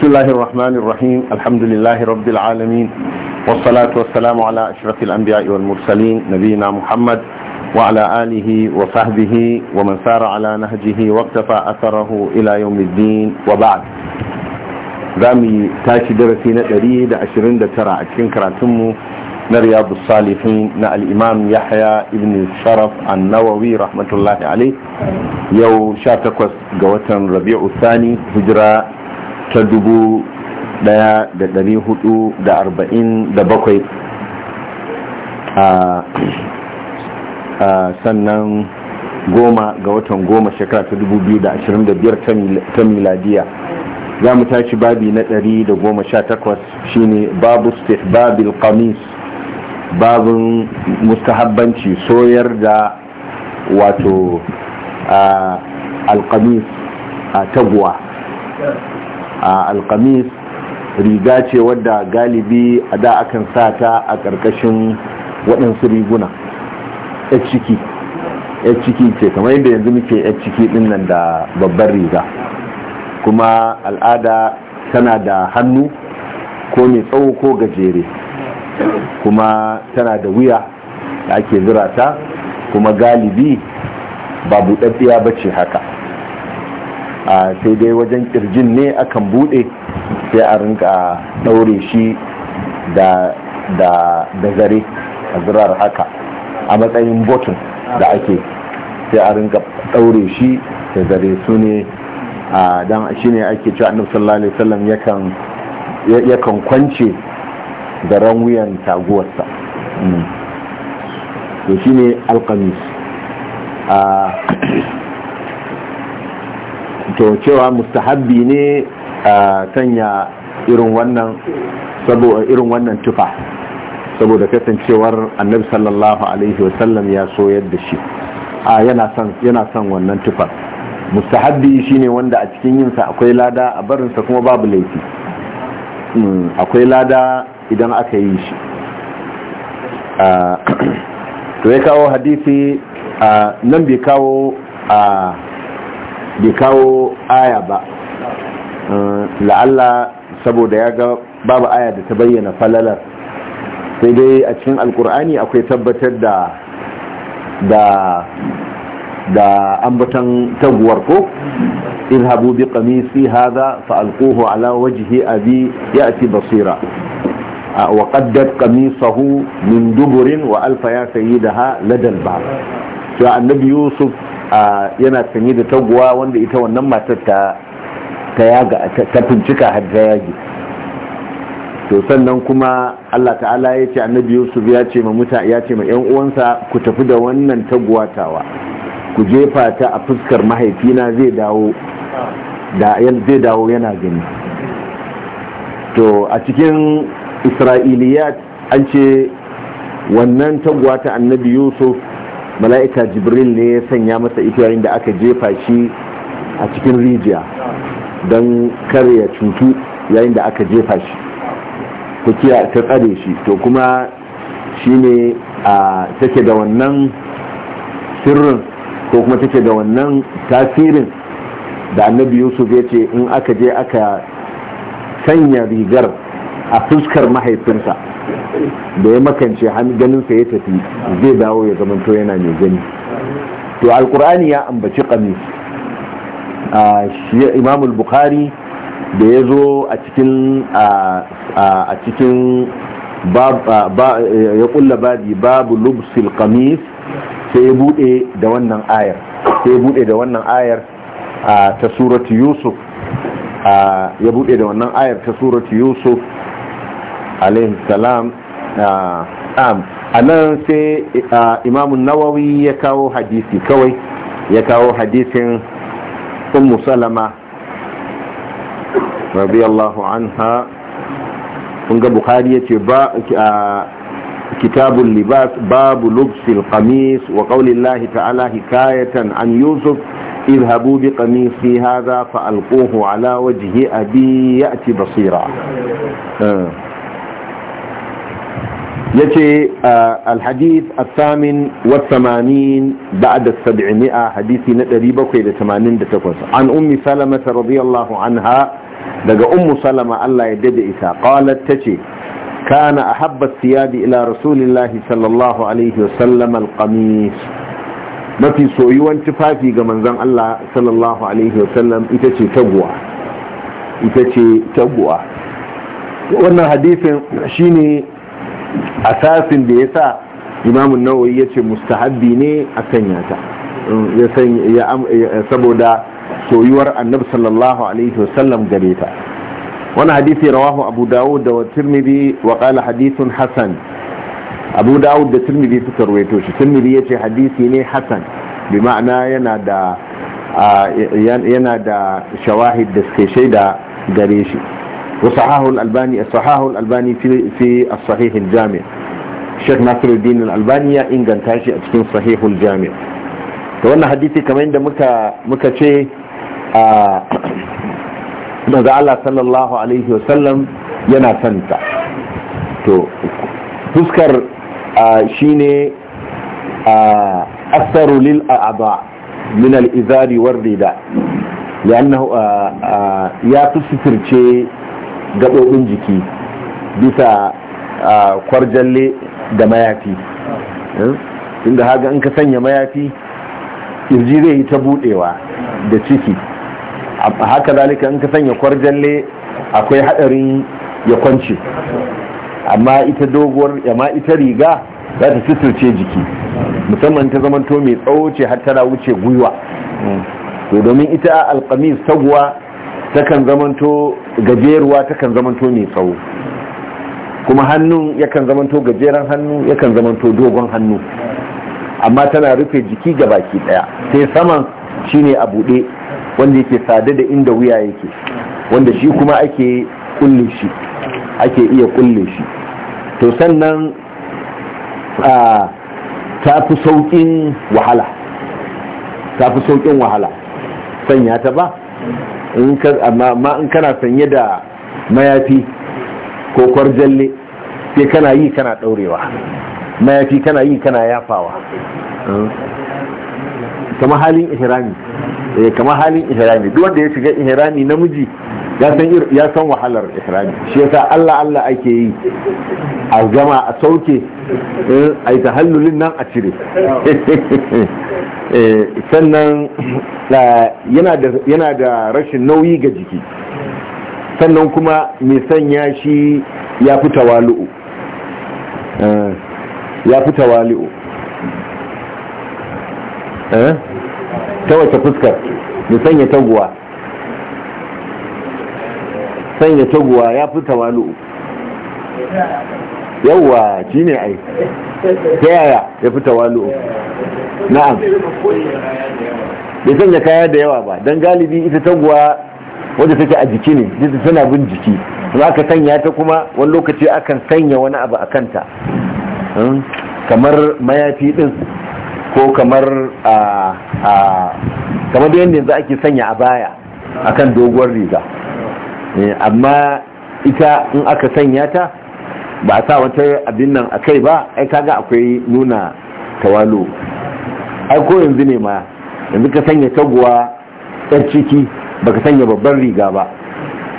بسم الله الرحمن الرحيم الحمد لله رب العالمين والصلاة والسلام على أشرف الأنبياء والمرسلين نبينا محمد وعلى آله وصحبه ومن سار على نهجه واقتفى أثره إلى يوم الدين وبعد رامي تاشي درسينا تريد عشرين دترى عشرين كراتم نرياض الصالحين نا الإمام يحيى ابن الشرف النووي رحمة الله عليه يو شاتكوس قوة ربيع الثاني هجرة ta dubu daya da dari da arba'in da bakwai sannan goma ga watan goma shekara ta dubu biyu biyar ta miladiya za mu tashi babi na dari da goma sha takwas shine babu babil kamis babin mustahabbanci soyar da wato alkamis a taguwa A alkamis riga ce wadda galibi a da akan sa ta a ƙarƙashin waɗansu riguna yar ciki ce kamar yadda yanzu muke yar ciki ɗin nan da babbar riga kuma al'ada tana da hannu ko mai tsawo ko gajere kuma tana da wuya da ake zirata. kuma galibi ba buɗaɗɗiya ba ce haka sai dai wajen kirjin ne akan bude sai a rinka daure shi da da da zare a zirar haka a matsayin botun da ake sai a rinka daure shi da zare su ne a dan shi ne ake cewa annabi sallallahu alaihi wasallam yakan yakan kwance ran wuyan taguwarsa hmm. to shine alqamis a to cewa mustahabbi ne a sanya irin wannan saboda irin wannan tufa saboda kasancewar annabi sallallahu alaihi wasallam ya so yadda shi a yana son yana son wannan tufa. mustahabbi shine wanda a cikin yinsa akwai lada a barinsa kuma babu laifi hmm, akwai lada idan aka yi shi to ya kawo hadisi nan bai kawo a bai kawo aya ba eh, la'alla saboda ya ga babu aya da ta bayyana falalar sai dai a cikin alkur'ani akwai tabbatar da da ambatan taguwar ko habu bi qamisi haza, fa alquhu ala wajhi abi ya'ti basira wa qaddat qamisahu min duburin wa alfa ya ha ladal ba. to annabi yusuf yana sanye da taguwa wanda ita wannan matar ta ta yaga ta har ta yage to sannan kuma Allah ta'ala ya ce annabi Yusuf ya ce ma muta ya ce ma yan uwansa ku tafi da wannan taguwa tawa ku jefa ta a fuskar mahaifina zai dawo da zai dawo yana gani to a cikin isra'iliyat an ce wannan taguwa ta annabi Yusuf mala'ika jibril ne ya sanya masa ita yayin da aka jefa shi a cikin rijiya don kare ya cutu yayin da aka jefa shi ku kiya ta tsare shi to kuma shi ne a take da wannan sirrin ko kuma take da wannan tasirin da annabi yusuf ya ce in aka je aka sanya rigar a fuskar mahaifinsa da ya makance ganin sa ya tafi zai dawo ya zama to yana mai gani to alkur'ani ya ambaci kamis a imam bukhari da ya zo a cikin a cikin ya kulla babi babu lubsil kamis sai ya bude da wannan ayar sai ya bude da wannan ayar ta suratu yusuf ya bude da wannan ayar ta suratu yusuf alaihi salam Ah, a nan sai ah, Imam nawawi ya kawo hadisi kawai ya kawo hadisin ummu salama radiyallahu anha ga bukari ya ce ba a ah, kitabun libas babu lubsil qamis wa qaulillahi ta'ala hikayatan an yusuf izhabu bi qamisi hadha fa alquhu ala wajihi abi ci basira yace ah, alhadith al-thamin wa 80 ba'da 700 hadisi na 788 an ummi salama radiyallahu anha daga ummu salama Allah ya dade ita qalat tace kana ahabba siyadi ila rasulillahi sallallahu alaihi wasallam al-qamis mafi soyuwan tufafi ga manzon Allah sallallahu alaihi wasallam ita ce taguwa ita ce taguwa wannan hadisin shine asasin da ya sa imamun nawawi ya ce mustahabbi ne a sanya ta saboda soyuwar annabi sallallahu alaihi wasallam gare ta wani hadisi rawahu abu dawud da tirmidhi wa qala hadithun hasan abu dawud da tirmidhi suka ruwaito shi tirmidhi yace hadisi ne hasan bi ma'ana yana da yana da shawahid da suke shaida gare shi وصححه الألباني صححه الألباني في في الصحيح الجامع شيخ ناصر الدين الألباني إن إنجن تاشي أتكين صحيح الجامع فوانا حديثي كما عند مكة مكة شيء ماذا الله صلى الله عليه وسلم ينا سنتا تو تذكر شيني أثر للأعضاء من الإزار والرداء لأنه يا تسترشي gaɓoɓin jiki bisa kwarjalle da mayafi inda hmm? haga in ka sanya mayafi kirji zai yi ta budewa da ciki haka zalika in ka sanya kwarjalle akwai hadarin ya kwance amma ita doguwar amma ita riga za ta sitirce jiki musamman ta zamanto mai tsawo ce har tana wuce gwiwa hmm. to domin ita alkamis taguwa takan zamanto gajeruwa takan zamanto mai tsawo kuma hannun yakan zamanto gajeren hannu yakan zamanto dogon hannu amma tana rufe jiki ga baki daya sai saman shine a buɗe wanda yake sade da inda wuya yake wanda shi kuma ake kulle shi ake iya kulle shi to sannan ta fi sauƙin wahala ta fi sauƙin wahala sanya ta ba ka amma in kana sanye da mayafi ko kwarjalle sai kana yi kana daurewa mayafi kana yi kana yafawa kama halin ihrami eh kama halin ihrami duk wanda ya shiga ihrami namiji ya san ya san wahalar ihrami shi yasa Allah Allah ake yi a gama a sauke eh, ai tahallulin nan a cire Eh, sannan yana da rashin nauyi ga jiki sannan kuma mai sanya shi ya fi tawalu'u eh, ya fi tawalu'u eh, ta wace fuskar mai sanya taguwa sanya taguwa ya fi tawalu'u yawwa shi ne ai ta yaya ya fi tawalu na'am bai sanya kaya da yawa ba don galibi ita taguwa wadda take a jiki ne ita tana bin jiki kuma aka sanya ta kuma wani lokaci akan sanya wani abu a kanta hmm? kamar mayafi din ko kamar a kamar da yadda yanzu ake sanya a baya akan doguwar riga eh, amma ita in aka sanya ta ba a sa wata abin nan a kai ba ai kaga akwai nuna tawalo ai ko yanzu ne ma yanzu ka sanya taguwa yar ciki baka sanya babban riga ba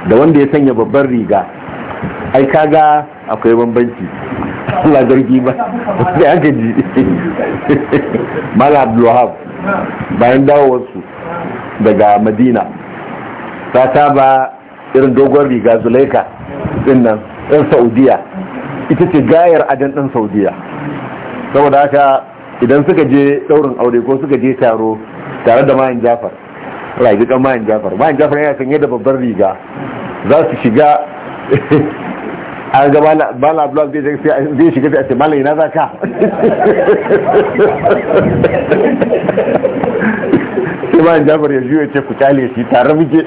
da wanda ya sanya babban riga ai kaga akwai bambanci Allah zargi ba sai aka ji mala abdulwahab bayan dawowarsu daga madina ta ba irin dogon riga zulaika din nan yan saudiya ita ce gayar ajin ɗan saudiya saboda haka idan suka je ɗaurin aure ko suka je taro tare da mayan jafar rayu kan mayan jafar mayan jafar yana sanye da babbar riga za su shiga a ga mala blog zai shiga sai a ce mala yana za ka sai mayan jafar ya juya ce ku kyale shi tare muke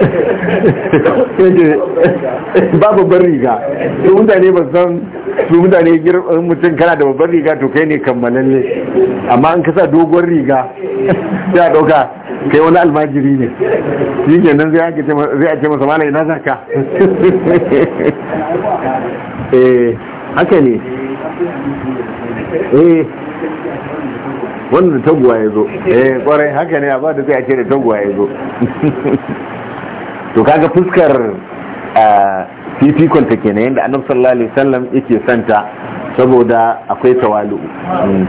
Babu bar riga su mutane ba san su mutane girman mutum kana da babban riga to kai ne kammalalle amma an kasa dogon riga ya dauka kai wani almajiri ne shi ke nan zai a ce masa mana ina zaka eh haka ne eh wannan da taguwa ya zo eh kwarai haka ne a ba da zai a ce da taguwa ya zo to kaga fuskar a fifikon ta kenan yadda annabi sallallahu alaihi wasallam yake santa saboda akwai tawalu hmm.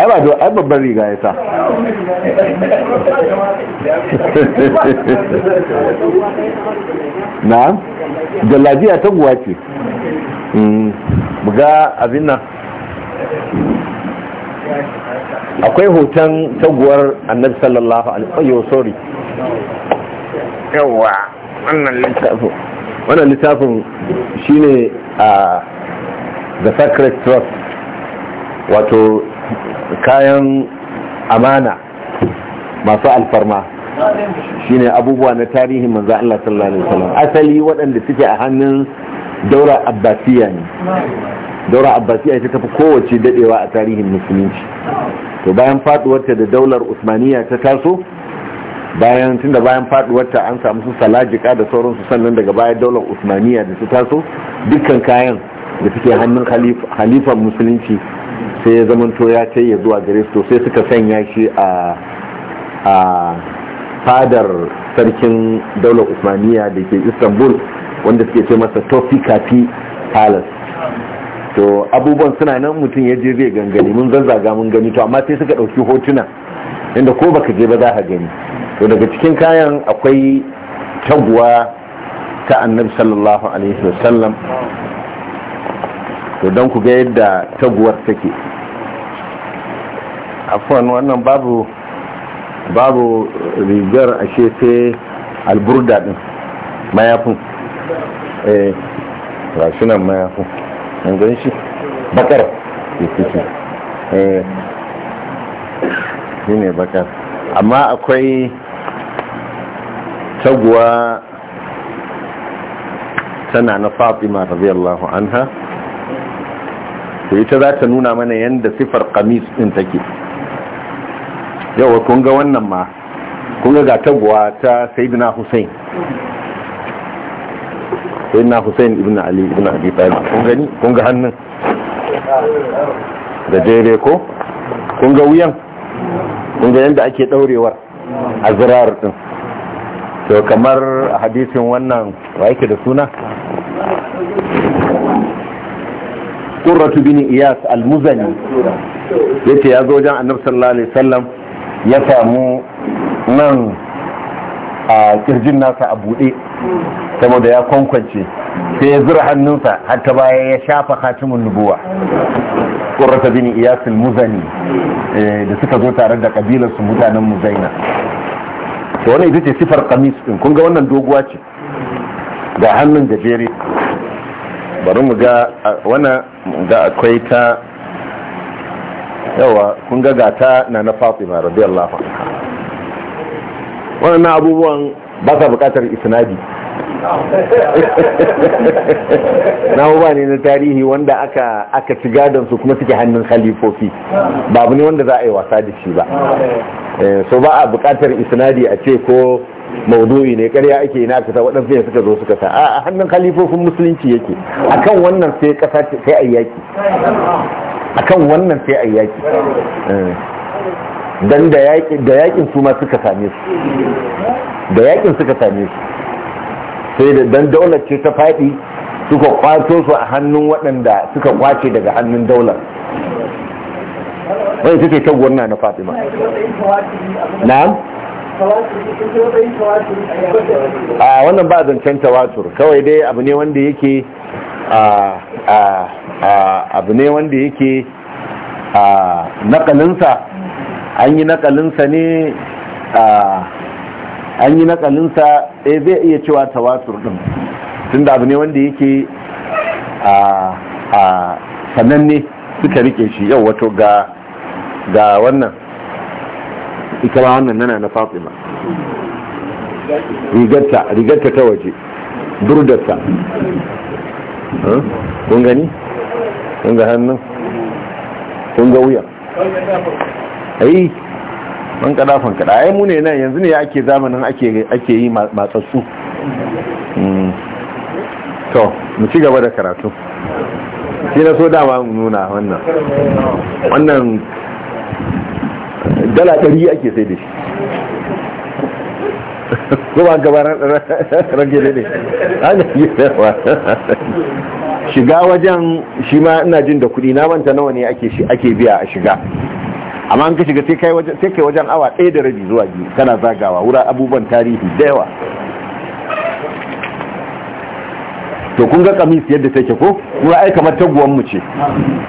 ai ba ai babban riga ya sa na jallabiya ta guwa ce buga hmm. abin nan akwai hoton taguwar annabi sallallahu alaihi wasallam sorry yawa wannan littafin wannan littafin shine a the sacred trust wato kayan amana masu alfarma shine abubuwa na tarihi manzo Allah sallallahu alaihi wasallam asali waɗanda suke a hannun daura abbasiya ne daura abbasiya ita tafi kowace dadewa a tarihin musulunci to bayan faduwarta da daular usmaniya ta taso bayan tunda bayan faduwarta an samu su salajika da sauransu sannan daga bayan daular usmaniya da su taso dukkan kayan da suke hannun halifan musulunci sai ya zamanto ya ce ya zuwa gare su sai suka sanya shi a fadar sarkin daular usmaniya da ke istanbul wanda suke ce masa tofi kafi palace to abubuwan suna nan mutum ya je zai gangani mun zanzaga mun gani to amma sai suka ɗauki hotuna inda ko baka je ba za ka gani to daga cikin kayan akwai taguwa ta annabi sallallahu alaihi wasallam to don ku ga yadda taguwar take afwan wannan babu babu rigar ashe sai alburda din mayafin eh rashinan mayafin an gan shi bakar ya fito eh. shi ne bakar amma akwai taguwa tana na fatima radiyallahu anha to ita za ta nuna mana yadda sifar kamis din take yawa kun ga wannan ma kunga ga taguwa ta bina hussein sai na hussein ibn ali ibn abi talib kun gani kun ga hannun da jere ko kun ga wuyan kun ga yadda ake daurewar a zirar din to kamar hadisin wannan wa yake da suna qurratu bin iyas al-muzani yace ya zo wajen annabi sallallahu alaihi wasallam ya samu nan a kirjin nasa a buɗe. saboda ya kwankwance sai ya zura hannunsa har ta baya ya shafa khatimun nubuwa qurrata bin iyasin muzani eh, da suka zo tare da ƙabilarsu mutanen muzaina to wani ita ce sifar kamis din kun ga wannan doguwa ce ga hannun da gajere bari mu ga wana da akwai ta yawa kun ga gata na na Fatima radiyallahu anha wannan abubuwan ba sa bukatar isnadi huba ne na tarihi wanda aka aka gadon su kuma suke hannun halifofi. ba abu ne wanda za a yi wasa da shi ba eh, so ba a bukatar isnadi a ce ko maudu'i ne karya ake yi ina kasa waɗansu ne suka zo suka sa a hannun khalifofin musulunci yake akan wannan sai kasa sai ayyaki akan wannan sai ayyaki don da yakin su ma suka same su da yakin suka same su sai da don daular ce ta faɗi suka kwato su a hannun waɗanda suka kwace daga hannun daular wani take ta na na fatima na'am a wannan ba zancen tawatur kawai dai abu ne wanda yake abu ne wanda yake nakalinsa an yi nakalinsa ne a an yi nakalinsa e zai iya cewa tawatur din tunda abu ne wanda yake a a sananne suka rike shi yau wato ga ga wannan ita ba wannan nana na fatima rigarta rigarta ta waje durdarta kun gani kun ga hannun kun ga wuya ai man kada fan kada ai mu ne nan yanzu ne ake zamanin ake ake yi matsatsu hmm. to mu ci gaba da karatu shi na so dama mu nuna wannan wannan dala ɗari ake sai da shi kuma gabaran rage ne an yi yawa shiga wajen shi ma ina jin da kudi na manta nawa ne ake biya a shiga amma an ka shiga sai kai wajen awa ɗaya da rabi zuwa biyu kana zagawa wura abubuwan tarihi da yawa to kun ga kamis yadda take ko kuma ai kamar taguwan mu ce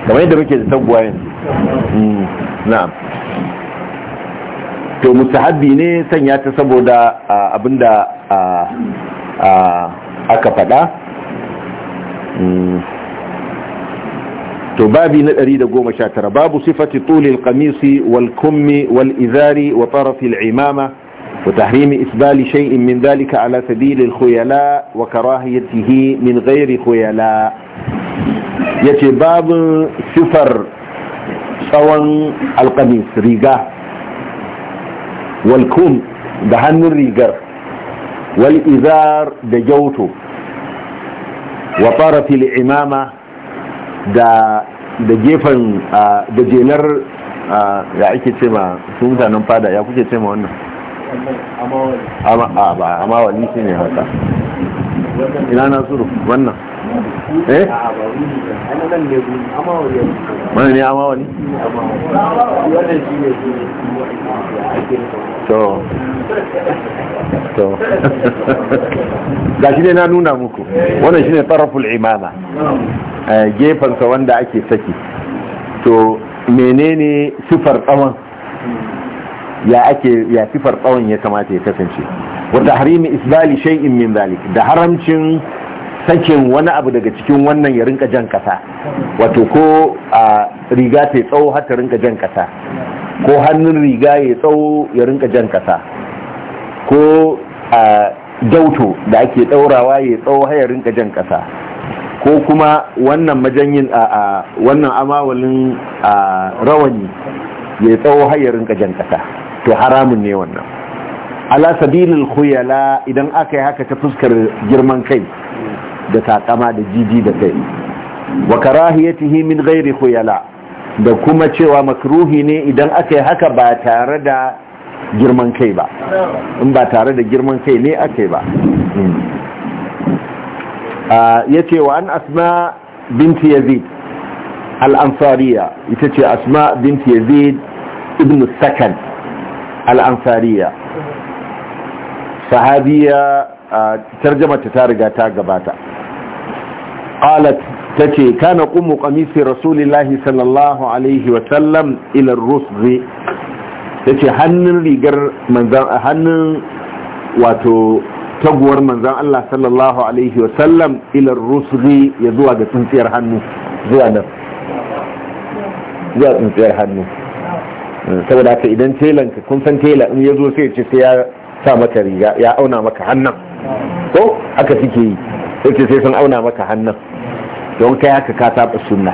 kamar yadda muke da taguwa yanzu hmm, na'am to mustahabbi ne sanya ta saboda abinda aka faɗa hmm. to babi na 119 babu sifati tulil qamisi wal kummi wal izari wa tarafi al imama wa tahrimi isbali shay'in min dhalika ala sabil al khuyala wa karahiyatihi min ghairi khuyala yace babin sifar tsawon alqamis riga wal kum da hannun rigar wal izar da jauto wa tarafi al imama da gefen da jenar ya ake ce ma su mutanen fada ya kuke ce ma wannan amawali ne haka ina na suru wannan eh ne na nuna muku wannan shi ne taraful imama eh, sa wanda ake saki to menene sifar tsawon ya ake ya sifar tsawon ya kamata ya kasance wadda harimi isbali shay'in min zalik da haramcin sakin wani abu daga cikin wannan ya rinka jan kasa wato ko a riga ta tsawo har ta rinka jan kasa ko hannun riga ya tsawo ya rinka jan kasa ko a dauto da ake daurawa ya tsawo har ya rinka jan kasa ko kuma wannan majanyin a wannan amawalin rawani ya tsawo har ya rinka jan kasa to haramun ne wannan ala sabilil khuyala idan aka yi haka ta fuskar girman kai da takama da jiji da kai wa karahiyatihi min ghairi khuyala da kuma cewa makruhi ne idan aka yi haka ba tare da girman kai ba in ba tare da girman kai ne aka yi ba hmm. ah, ya ce wa an asma binti yazid al-ansariya ita ce asma binti yazid ibn sakan al al-ansariya sahabiya ah, ta ta riga ta gabata qalat tace kana qumu qamisi rasulillahi sallallahu alaihi wa sallam ila ar-rusd tace hannun rigar manzan hannun wato taguwar manzan Allah sallallahu alaihi wa sallam ila ar ya zuwa ga tsintsiyar hannu zuwa nan zuwa tsintsiyar hannu saboda haka idan telan ka kun san tela in ya zo sai ya sa maka riga ya auna maka hannun ko aka suke yi sai ce sai sun auna maka hannun don kai haka ka saba sunna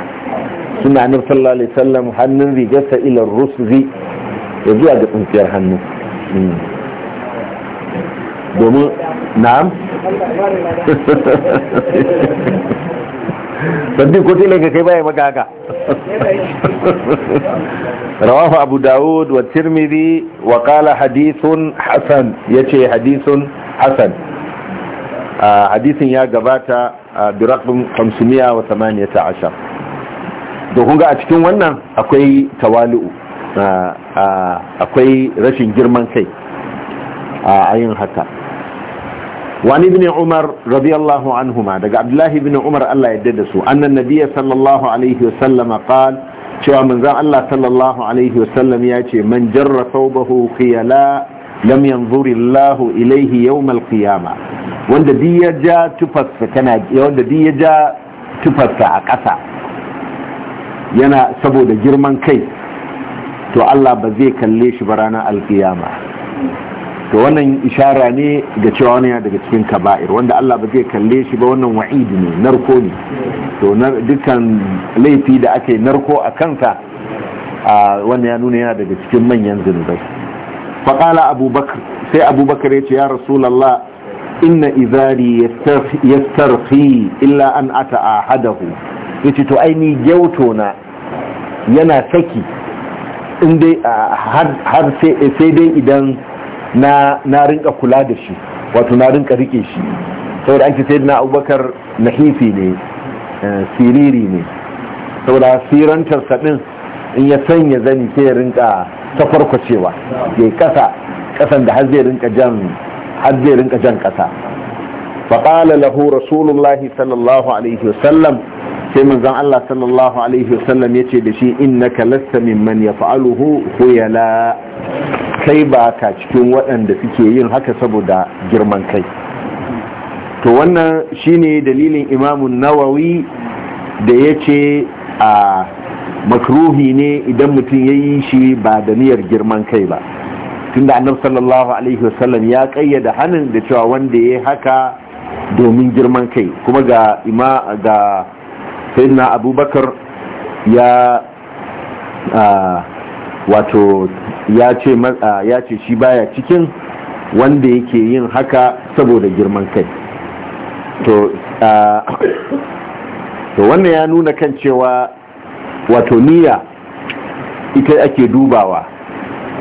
suna annabi sallallahu alaihi sallam hannun rigarsa ila rusri ya zuwa ga tsintsiyar hannu hmm. domin na'am sabbin ko tilai ka kai baya maka rawahu abu da'ud wa tirmidhi wa qala hadithun hasan yace hadithun hasan hadisin ya gabata wa raqam 518 to kun ga a cikin wannan akwai tawali'u akwai rashin girman kai a yin haka wani bin umar radiyallahu anhuma daga abdullahi bin umar Allah ya dada su annan nabiya sallallahu alaihi wasallam qal cewa manzan Allah sallallahu alaihi wasallam ya ce man jarra thawbahu khiyala lam yanzuri Allah ilaihi yawmal qiyama wanda duk ya ja tufarsa kana wanda duk ya ja tufarsa a ƙasa yana saboda girman kai to Allah ba zai kalle shi ba ranar alkiyama to wannan ishara ne ga cewa wani daga cikin kaba'ir wanda Allah ba zai kalle shi ba wannan wa'idi ne narko ne to dukkan laifi da ake narko a kansa a ya nuna yana daga cikin manyan zunubai faƙala abubakar sai abubakar ya ce ya rasulallah inna izari yastarfi illa an ata ahadahu ya ce to aini gyauto na yana saki har sai dai idan na rinka kula da shi wato na rinka rike shi saboda an ce sai na abubakar nahifi ne siriri ne saboda sirantar sadin in ya sanya zani sai ya rinka ta farko cewa, ya kasa kasan da har zai rinka jan har zai rinka jan kasa faƙala lahu rasulullahi sallallahu alaihi wasallam sai manzon Allah sallallahu alaihi wasallam yace da shi innaka lasta mimman yaf'aluhu la kai ba ka cikin waɗanda suke yin haka saboda girman kai to wannan shine dalilin imamun nawawi da yace a makruhi ne idan mutum ya yi shi ba da niyyar girman kai ba tunda annabi sallallahu alaihi wasallam ya kayyada hannun da cewa wanda ya haka domin girman kai kuma ga ima ga sayyidina abubakar ya wato ya ce ya ce shi baya cikin wanda yake yin haka saboda girman kai to to wannan ya nuna kan cewa wato niyya ita ake dubawa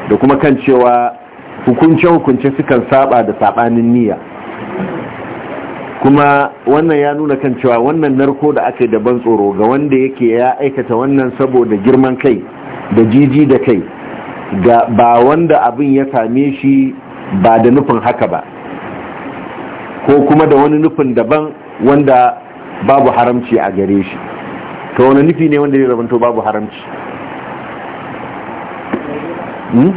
da kuma kan cewa hukunce-hukunce sukan saba da sabanin niyya kuma wannan ya nuna kan cewa wannan narko da aka yi daban tsoro ga wanda yake ya aikata wannan saboda girman kai da jiji da kai ga ba wanda abin ya same shi ba da nufin haka ba ko kuma da wani nufin daban wanda babu haramci a gare shi to wani nufi ne wanda zai to babu haramci hmm?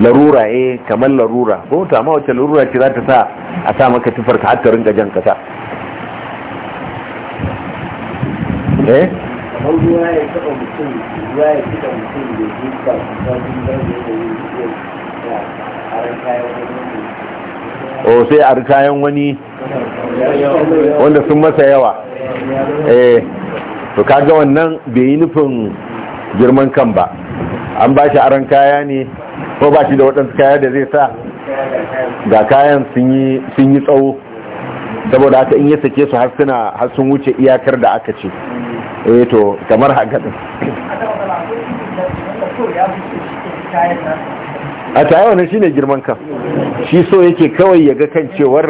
larura eh kamar larura ko ta ma wacce larura ce za ta sa a sa maka tufar ka har ta rinka jan kasa eh o oh, sai a kayan wani wanda sun masa yawa eh to kaga wannan bai yi nufin girman kan ba an ba shi aron kaya ne ko ba shi da waɗansu kaya da zai sa ga kayan sun yi tsawo saboda haka in ya sake su har suna har sun wuce iyakar da aka ce eh to kamar haka din a tare shi ne girman kan shi so yake kawai ya ga kan cewar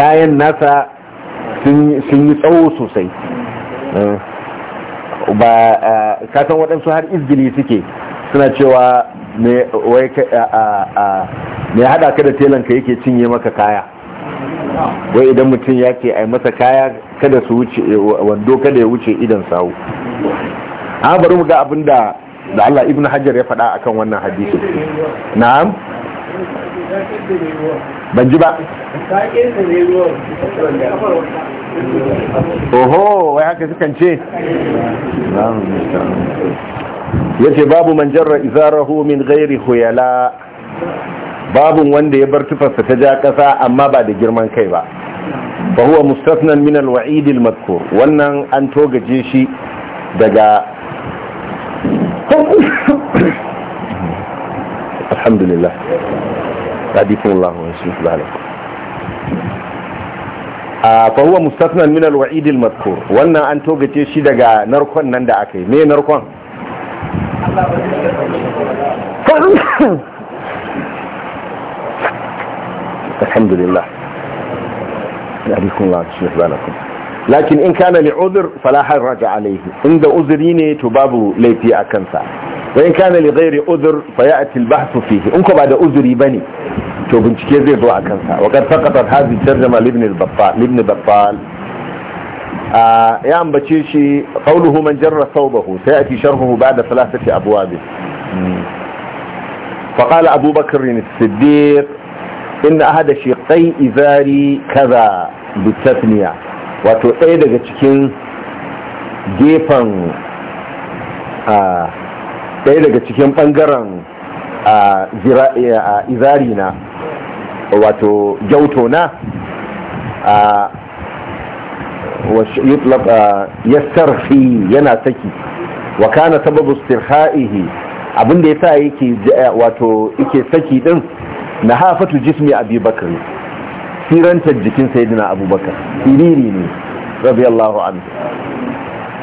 kayan nasa sun yi tsawo sosai eh. ba ka san waɗansu har izgili suke suna cewa mai hada ka da telanka yake cinye maka kaya wai idan mutum ya ke a masa kaya kada su wuce wando kada ya wuce idan sawu an bari mu ga abin da Allah ibn Hajar ya faɗa akan wannan hadisi na'am ban ji ba oho wai haka sukan ce ya ce babu man jarra izarahu min gairi huyala babun wanda ya bar tufarsa ta ja kasa amma ba da girman kai ba ba huwa mustafnan min alwa'id almadhkur wannan an togaje shi daga alhamdulillah Allah a ah, fa huwa mustasnan min al-wa'id wannan an togace shi daga narkon nan da aka yi me narkon alhamdulillah sadiqun Allah subhanahu lakin in kana li uzur fala haraja alayhi inda uzuri ne to babu laifi a kansa wa in kana li ghairi udhr fa ya'ti al-bahth fihi in ba da uzuri bane to bincike zai zo a kansa wa kad faqatat hadhihi tarjuma ibn al-battal ibn battal ya ambace shi qawluhu man jarra thawbahu sayati sharhuhu ba'da thalathati abwab فقال أبو بكر الصديق إن أحد شقي إزاري كذا بالتثنية wato ɗaya daga cikin gefen a ɗaya daga cikin ɓangaren izari na wato gyauto na yassarfi yana saki wa kana sababu stirha'ihi abinda ya sa yake wato yake saki din na hafatu jismi abubakar sirantar jikin sayidina abubakar siriri ne yallahu an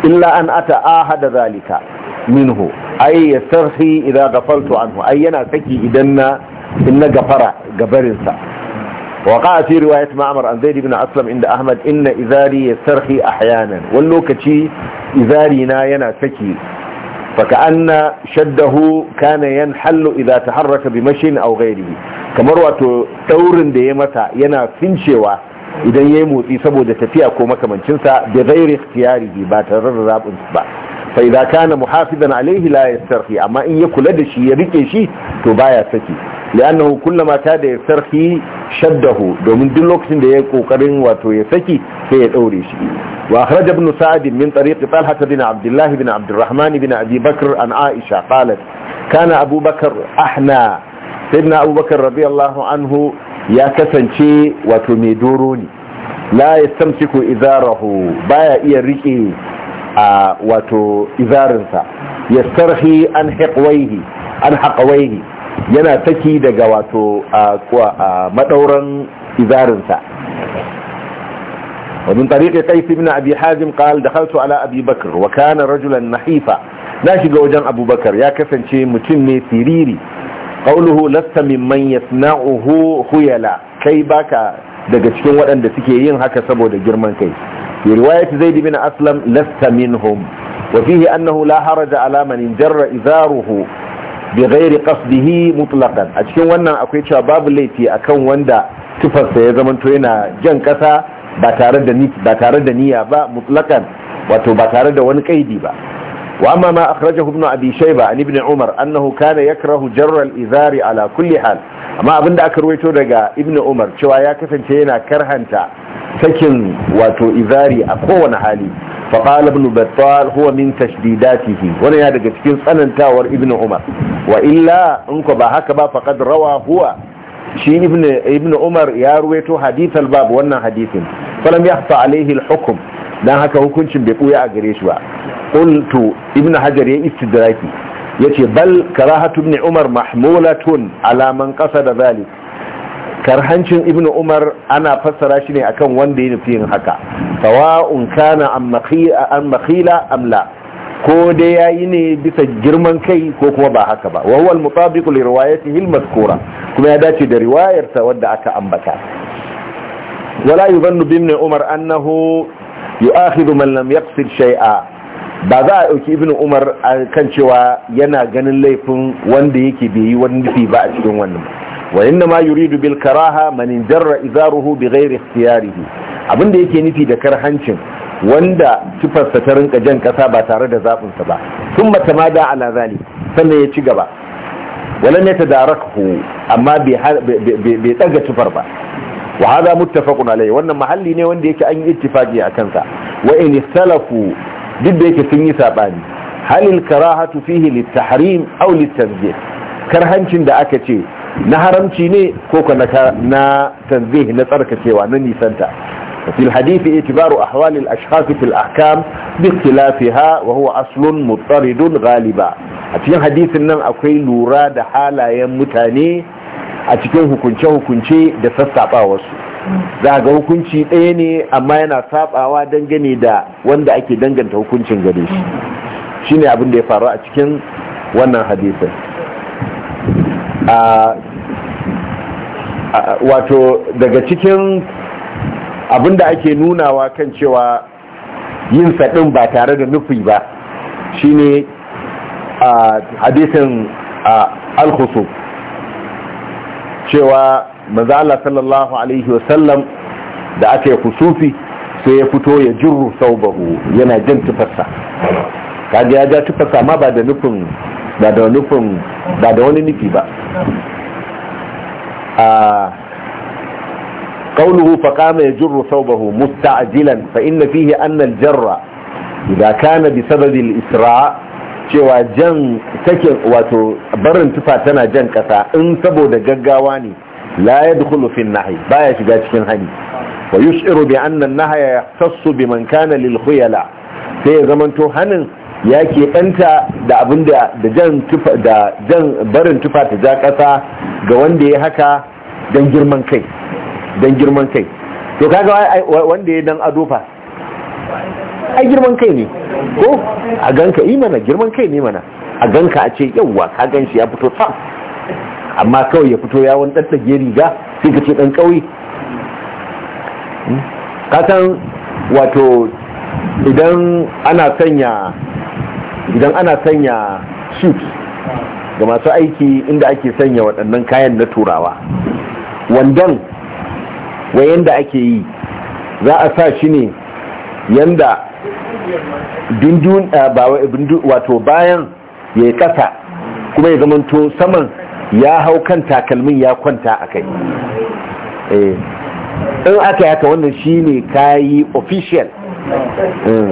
illa an ata ahada zalika minhu ai ya tarhi idan anhu ai yana saki idan na inna gafara gabarinsa waka a fi riwayat ma'amar an zai dibina aslam inda ahmad inna izari ya tarhi a wani lokaci izari na yana saki faka an na shaddahu kana yan hallo idan ta harraka bi mashin a gairi kamar wato taurin da ya mata yana fincewa idan ya yi motsi saboda tafiya ko makamancinsa da zai ba tare da ba fa idza kana muhasiban alayhi la yastarhi amma in ya kula da shi ya rike shi to baya saki li'annahu kullama kada yastarhi shaddahu domin duk lokacin da ya kokarin wato ya saki sai ya daure shi wa akhraj ibn sa'd min tariq talha bin abdullah bin abdurrahman bin abi bakr an aisha qalat kana abu bakr ahna sayyidina abubakar radiyallahu anhu ya kasance wato mai doro ne la yastamsiku izarahu baya iya rike a wato izarinsa ya sarhi an haƙwaihi yana taki daga wato a kuwa maɗauran izarinsa wajen tariƙe kaifi mina abi hajim ƙal da halittu ala abi bakar wa rajulan nahifa na shiga wajen abubakar ya kasance mutum ne firiri ƙauluhu lasta mimman ya sana'u huyala kai baka daga cikin waɗanda suke yin haka saboda girman kai fi riwayat zaid bin aslam lasta minhum wa fihi annahu la haraja ala man jarra izaruhu bi ghairi qasdihi mutlaqan a cikin wannan akwai cewa babu laifi kan wanda tufarsa ya zama zamanto yana jan kasa ba tare da niyya ba mutlaqan wato ba tare da wani kaidi ba واما ما اخرجه ابن ابي شيبه عن ابن عمر انه كان يكره جر الازار على كل حال اما ابنده aka ruwaito daga ابن عمر cewa ya kasance yana karhanta sakin wato izari a kowane hali فقال ابن بطال هو من تشديداته وانا ya daga cikin tsanantawar ابن عمر والا انكم ba haka ba faqad rawa huwa shi ibn ibn umar ya ruwaito hadith al-bab wannan hadithin falam yahta alayhi al-hukm dan haka hukuncin bai buya a gare shi ba qultu ibn hajar ya istidraki yace bal karahatu ibn umar mahmulatun ala man qasada zalik karhancin ibn umar ana fassara shi ne akan wanda ya nufi yin haka sawa'un kana an makhila am ko dai yayi ne bisa girman kai ko kuma ba haka ba wa huwa al-mutabiqu li riwayatihi al-mazkura kuma ya dace da riwayarsa wadda aka ambata wala yuzannu bi ibn umar annahu yu'akhidhu Mallam lam Shai'a, shai'a ba za a ɗauki Ibn umar kan cewa yana ganin laifin wanda yake bai yi wani nufi ba a cikin wannan wa inna ma yuridu bil karaha man jarra izaruhu bighairi ikhtiyarihi abinda yake nufi da kar karhancin wanda tufarsa ta rinka jan kasa ba tare da zaɓinsa ba sun mata ma da ala zali sannan ya ci gaba walam ya darakku amma bai ɗaga tufar ba wa hada muttafaqun alayhi wannan mahalli ne wanda yake an yi ittifaqi a kansa wa in salafu duk da yake sun yi sabani halil karahatu fihi litahrim aw litanzih karhancin da aka ce na haramci ne ko ka na tanzih na tsarkakewa na nisanta في الحديث اعتبار أحوال الأشخاص في الأحكام باختلافها وهو أصل مضطرد غالبا في الحديث أنه أكوي لورا دحالا يمتاني a cikin hukunce-hukunce da sassaɓawarsu za ga hukunci ɗaya ne amma yana saɓawa dangane da wanda ake danganta hukuncin gare shi shi ne abin da ya faru a cikin wannan hadisin wato daga cikin abin da ake nunawa kan cewa yin saɗin ba tare da nufi ba shi shine hadisin al-khusuf cewa maza Allah sallallahu alaihi wasallam da aka yi kusufi sai ya fito ya jirru sau bahu yana jin tufarsa kaga ya ja tufarsa ma ba da nufin ba da nufin ba da wani nufi ba a sau bahu يجر ثوبه مستعجلا فإن فيه jarra, الجر إذا كان بسبب الإسراء cewa jan take wato barin tufa tana jan kasa in saboda gaggawa ne la yadkhulu fi an ba baya shiga cikin hani wa yushiru bi anna ya nahya bi man kana lil khuyala sai ya zamanto hanin ya ke danta da abin da jan barin tufa ta ja kasa ga wanda ya haka dan girman kai dan girman kai to kaga wanda ya dan adofa ai girman kai ne ko a ganka yi mana girman kai ne mana a ganka a ce yauwa ka gan shi ya fito sam amma kawai ya fito yawon ɗaɗɗage riga sai ka ce ɗan ƙauye hmm? kasan wato idan ana sanya idan ana sanya suit ga masu aiki inda ake sanya waɗannan kayan na turawa wandan wayan da ake yi za a sa shi ne yanda dundun eh, wato bayan ya yi ƙasa kuma ya zamanto saman ya hau kan takalmin ya kwanta a kai eh, in aka haka wannan shi ne kayi official eh,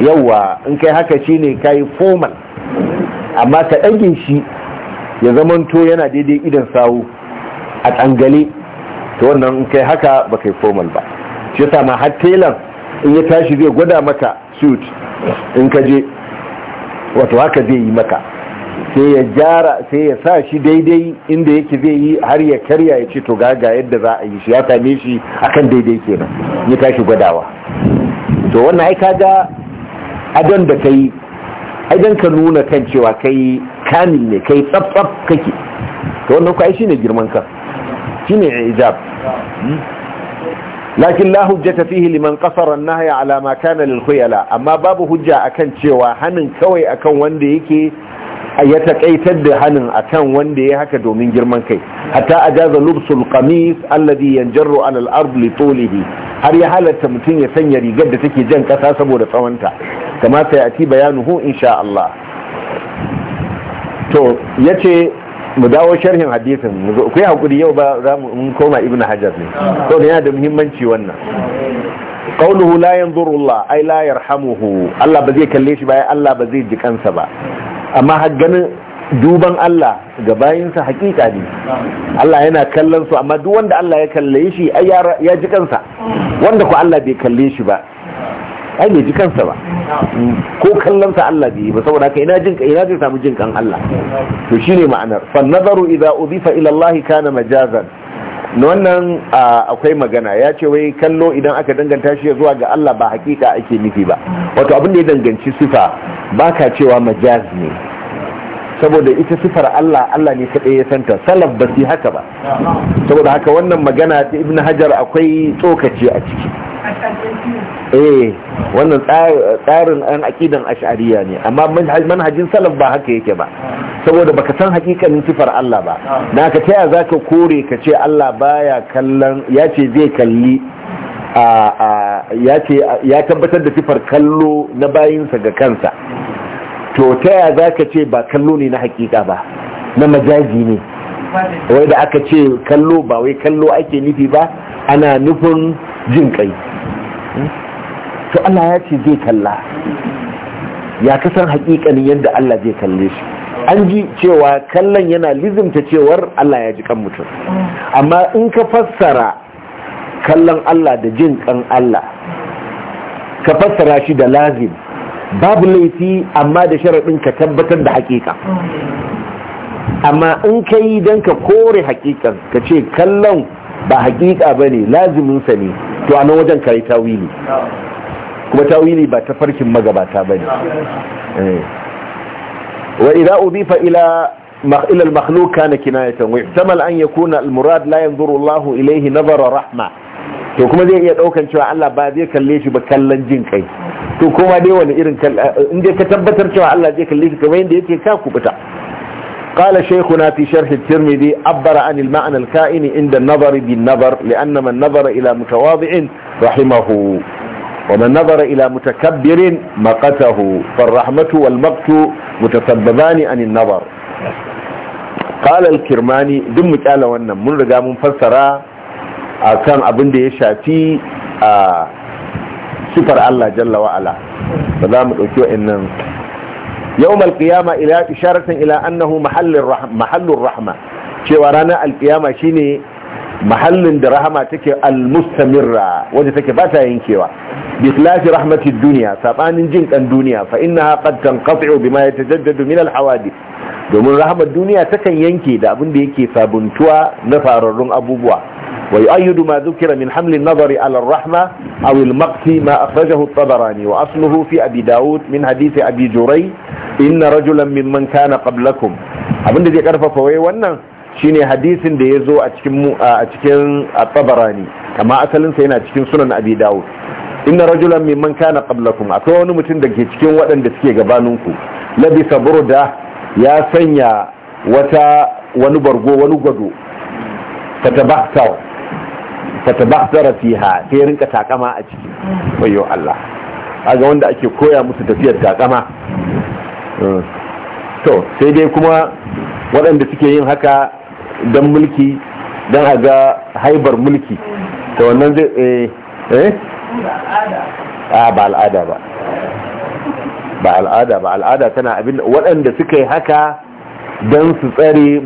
yauwa in kai haka shi ne kayi formal amma ka ɗagin shi ya zamanto yana daidai idan sawu a tsangale ta wannan in kai haka ba kai formal ba shi yasa ma har telan in ya tashi zai gwada maka suit in ka je wato haka zai yi maka sai ya gyara sai ya sa shi daidai inda yake zai yi har ya karya ya ce to gaga yadda za a yi shi ya same shi akan daidai kenan ya tashi gwadawa to wannan ai kaga adon da kai aidan ka nuna kan cewa kai kamil ne kai tsaf kake to wannan ku shi ne girman ka ne ijab hmm? lakin la hujjata fihi liman qasara an-nahya ala ma kana lil khuyala amma babu hujja akan cewa hanin kawai akan wanda yake ya takaitar da hanin akan wanda ya haka domin girman kai hatta ajaza lubsul qamis alladhi yanjarru ala al-ard li tulihi har ya halatta mutum ya sanya rigar da take jan kasa saboda tsawonta kamar sai a ci bayanuhu insha Allah to yace mu dawo sharhin hadisin ku yi hakuri yau ba za mu koma ibnu hajar ne to yana da muhimmanci wannan qauluhu la yanzurullah ay la yarhamuhu Allah ba zai kalle shi ba Allah ba zai ji kansa ba amma har ganin duban Allah ga bayinsa hakika ne Allah yana kallon su amma duk wanda Allah ya kalle shi ya ji kansa wanda ku Allah bai kalle shi ba ai bai ji kansa ba ko kallonsa Allah bai ba saboda haka ina jin ina zai samu jin kan Allah to shine ma'anar fa nazaru idza udifa ila Allah kana majazan wannan akwai magana ya ce wai kallo idan aka danganta shi zuwa ga Allah ba hakika ake nufi ba wato abin da ya danganci sifa baka cewa majaz ne saboda ita sifar Allah Allah ne kaɗai ya santa salaf ba su haka ba saboda haka wannan magana ta ibn hajar akwai tsokaci a ciki eh wannan tsarin an akidan ash'ariya ne amma manhajin salaf ba haka yake ba saboda baka san hakikanin sifar Allah ba na ka taya ka kore ka ce Allah baya kallon ya ce zai kalli ya tabbatar da sifar kallo na bayinsa ga kansa to taya za ka ce ba kallo ne na hakika ba na majaji ne wai da aka ce kallo ba wai kallo ake nufi ba ana nufin jin kai hmm? to Allah ya ce zai kalla ya kasan hakikanin yadda Allah zai kalle shi an ji cewa kallon yana lizimta cewar Allah ya ji kan mutum amma in ka fassara kallon Allah da jin kan Allah ka fassara shi da lazim babu laifi amma da sharaɗin ka tabbatar da hakika amma in ka yi don ka kore hakikan ka ce kallon ba hakika ba ne laziminsa ne to a nan wajen ka yi tawili kuma tawili ba ta farkin magabata ba ne eh. wa idza udifa ila ila al-makhluq kana kinayatan wa ihtamal an yakuna al-murad la yanzuru Allah ilayhi nazara rahma to kuma zai iya daukan cewa Allah ba zai kalle shi ba kallon jin kai to kuma dai wani irin in dai ka tabbatar cewa Allah zai kalle shi kamar yadda yake ka kubuta قال شيخنا في شرح الترمذي عبر عن المعنى الكائن عند النظر بالنظر لأن من نظر إلى متواضع رحمه ومن نظر إلى متكبر مقته فالرحمة والمقت متسببان عن النظر قال الكرماني دم قال وانا من رجا من فسرا كان ابن دي شافي sifar Allah jalla wa'ala ba za mu ɗauki wa'annan yawon alƙiyama ila isharatan ila annahu mahallin rahma cewa ranar alƙiyama shine mahallin da rahama take almustamirra wadda take ba ta yankewa bislafi rahmati duniya sabanin jin kan duniya fa innaha qad tanqati'u bima yatajaddadu min alhawadith domin rahmar duniya takan yanke da abin da yake sabuntuwa na fararrun abubuwa wa yu'ayyidu ma dhukira min hamli an-nazari ala ar-rahma aw al-maqti ma akhrajahu at-tabarani wa asluhu fi abi daud min hadith abi juray inna rajulan mimman kana qablakum abin da zai karfafa wai wannan Shi ne hadisin da ya zo a cikin tsabarani amma asalinsa yana cikin sunan abi dawo inna rajulan mimman kana qablakum akwai wani mutum da ke cikin waɗanda suke gabaninku labisa da ya sanya wata wani bargo wani gado fatabahtar fatabahtara ta yi rinka takama a ciki bayo Allah A ga wanda ake koya musu tafiyar takama hmm. to sai dai kuma waɗanda suke yin haka don mulki don a ga haibar mulki ta wannan zai eh eh ba al'ada ba ba al'ada ba al'ada tana abin waɗanda suka yi haka don su tsare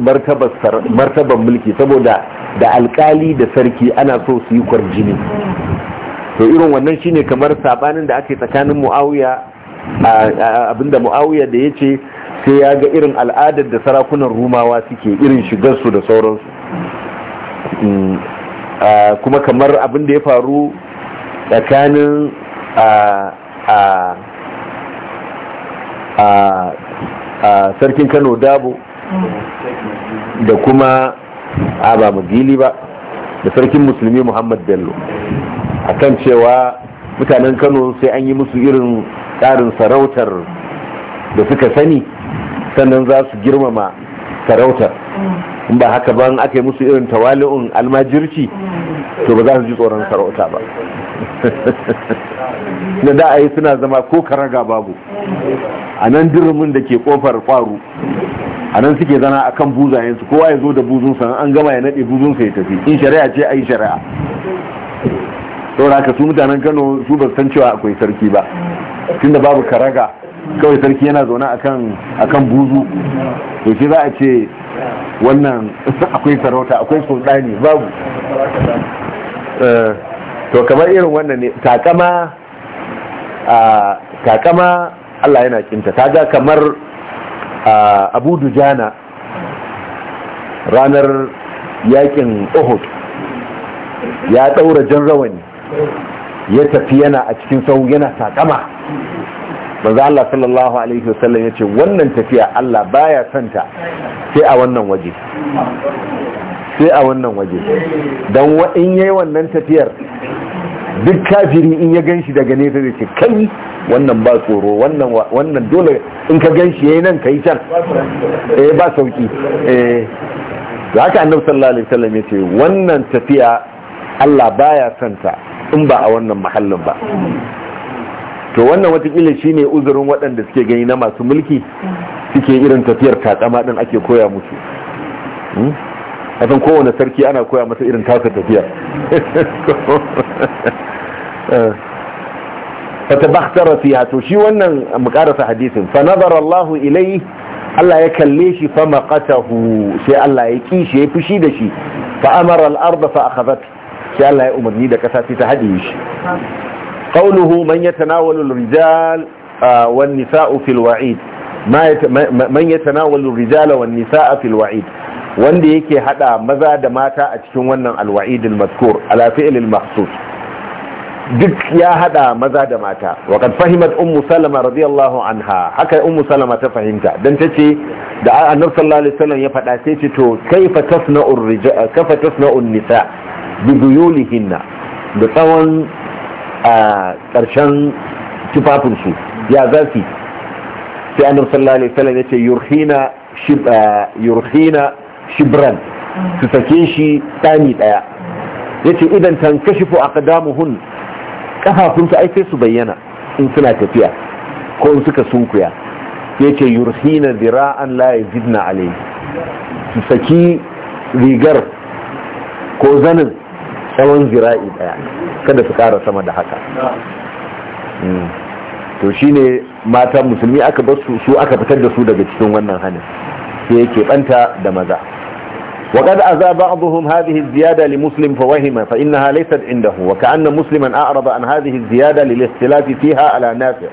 martaban mulki saboda da alkali da sarki ana so su yi kwarjini to irin wannan shine kamar sabanin da ake tsakanin muawiya abinda muawiya da yace sai ya ga irin al'adar da sarakunan rumawa suke irin shigarsu da sauransu mm. kuma kamar abin da ya faru tsakanin a sarkin kano dabo da kuma a ba magili ba da sarkin musulmi muhammad bello A kan cewa mutanen kano sai an yi musu irin tsarin sarautar da suka sani sannan za su girmama sarautar in ba haka ban aka yi musu irin tawali'un almajirci to ba za su ji tsoron sarauta ba na da a yi suna zama ko karaga babu a nan dirimin da ke kofar kwaru a nan suke zana a kan buzayensu kowa ya zo da buzunsa an gama ya naɗe buzunsa ya tafi in shari'a ce a yi shari'a saboda haka su mutanen kano su ba san cewa akwai sarki ba tunda babu karaga kawai sarki yana zaune a kan buzu to shi za a ce wannan akwai sarauta akwai sultani babu eh, to kamar irin wannan ne takama a takama Allah yana kinta ga kamar Abu Dujana ranar yakin Uhud ya daura jan rawani ya tafi yana a cikin sau yana takama manzo Allah sallallahu alaihi wasallam yace wannan tafiya Allah baya santa sai a wannan waje sai a wannan waje dan wa in yayi wannan tafiyar duk kafiri in ya ganshi daga nesa zai ce kai wannan ba tsoro wannan wannan dole in ka ganshi yayi nan kai can eh ba sauki eh haka annabi sallallahu alaihi wasallam yace wannan tafiya Allah baya santa in ba a wannan mahallin ba to wannan watakila shi ne uzurin waɗanda suke gani na masu mulki suke irin tafiyar takama ɗin ake koya musu hmm? a kan kowane sarki ana koya masa irin tasa tafiya eh. fata bakhtara fiha to shi wannan mu hadisin fa nazar Allah ilai Allah ya kalle shi fa maqatahu sai Allah ya kishi ya fushi da shi fa amara al-ardh fa akhadhat sai Allah ya umarni da kasa sai ta hadiye shi قوله من يتناول الرجال والنساء في الوعيد man ya tanawalu rijala wan nisaa fil wa'id wanda yake hada maza da mata a cikin wannan alwa'idin maskur ala fi'l almahsus duk ya hada maza da mata wa kad fahimat ummu salama radiyallahu anha haka ummu salama ta fahimta dan tace da annabi sallallahu alaihi wasallam ya fada sai ce to kaifa tasna'u rijala kaifa tasna'u nisa bi buyulihinna da tsawon a ƙarshen tufafinsu ya zafi sai annabi sallallahu alaihi wasallam yace yurhina yurhina shibran su sake shi tsami daya yace idan damu aqdamuhun kafafunsu ai sai su bayyana in suna tafiya ko in suka sunkuya yace yurhina dira'an la zidna alayhi su saki rigar ko zanin tsawon zira'i daya kada su kara sama da haka hmm. to shine mata musulmi aka bar su aka fitar da su daga cikin wannan hanin sai yake banta da maza وقد أذى بعضهم هذه الزيادة لمسلم فوهم فإنها ليست عنده وكأن مسلما أعرض عن هذه الزيادة للاختلاف فيها على نافع